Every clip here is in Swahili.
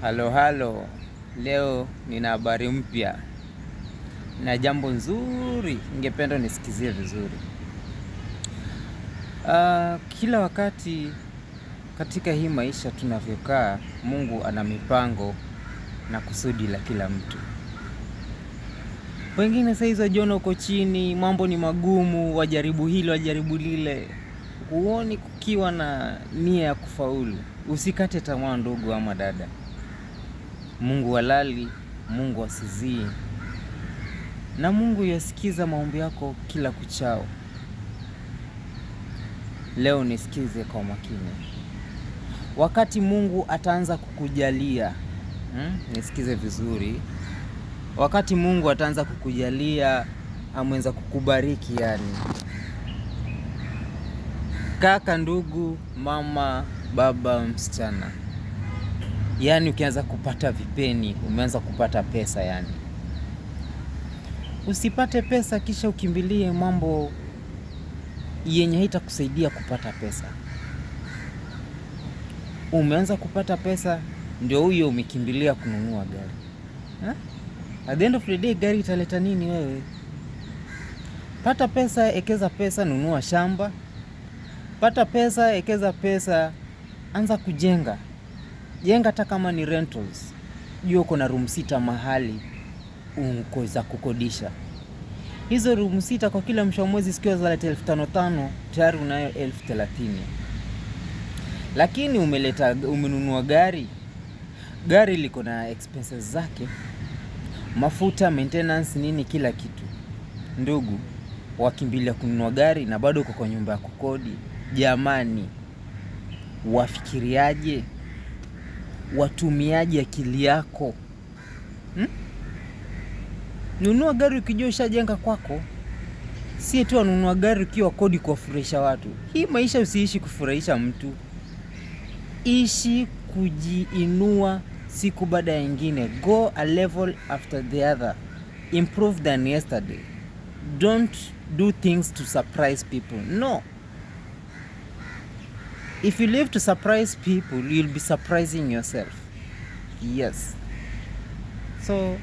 Halo halo, leo nina habari mpya na jambo nzuri, ningependa nisikizie vizuri. Uh, kila wakati katika hii maisha tunavyokaa, Mungu ana mipango na kusudi la kila mtu. Wengine saa hizo wajiona uko chini, mambo ni magumu, wajaribu hilo, wajaribu lile, huoni kukiwa na nia ya kufaulu. Usikate tamaa, ndugu ama dada. Mungu halali, Mungu asizii, na Mungu yasikiza maombi yako kila kuchao. Leo nisikize kwa makini, wakati Mungu ataanza kukujalia hmm? Nisikize vizuri, wakati Mungu ataanza kukujalia, amweza kukubariki, yani kaka, ndugu, mama, baba, msichana yani ukianza kupata vipeni, umeanza kupata pesa yani. Usipate pesa kisha ukimbilie mambo yenye haitakusaidia kupata pesa. Umeanza kupata pesa, ndio huyo umekimbilia kununua gari ha? At the end of the day gari italeta nini wewe? Pata pesa, ekeza pesa, nunua shamba. Pata pesa, ekeza pesa, anza kujenga jenga hata kama ni rentals, jua na room sita mahali unaweza kukodisha. Hizo room sita kwa kila mwisho wa mwezi zikiwa za elfu tano tano, tayari unayo elfu thelathini. Lakini umeleta umenunua gari, gari liko na expenses zake, mafuta, maintenance, nini, kila kitu. Ndugu, wakimbilia kununua gari na bado uko kwa nyumba ya kukodi, jamani, wafikiriaje? watumiaji akili yako hmm? Nunua gari ukijua ushajenga kwako, si tu anunua gari ukiwa kodi kuwafurahisha watu. Hii maisha usiishi kufurahisha mtu, ishi kujiinua siku baada ya nyingine. Go a level after the other, improve than yesterday. Don't do things to surprise people no. If you live to surprise people, you'll be surprising yourself. Yes. So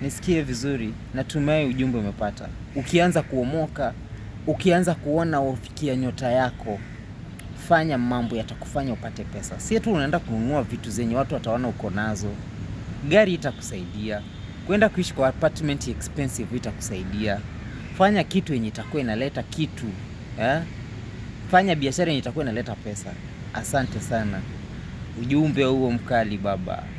nisikie vizuri, natumai ujumbe umepata. Ukianza kuomoka, ukianza kuona wafikia nyota yako, fanya mambo yatakufanya upate pesa. Si tu unaenda kununua vitu zenye watu wataona uko nazo. Gari itakusaidia kwenda kuishi kwa apartment expensive, itakusaidia. Fanya kitu yenye itakuwa inaleta kitu eh? fanya biashara yenye itakuwa inaleta pesa. Asante sana, ujumbe huo mkali baba.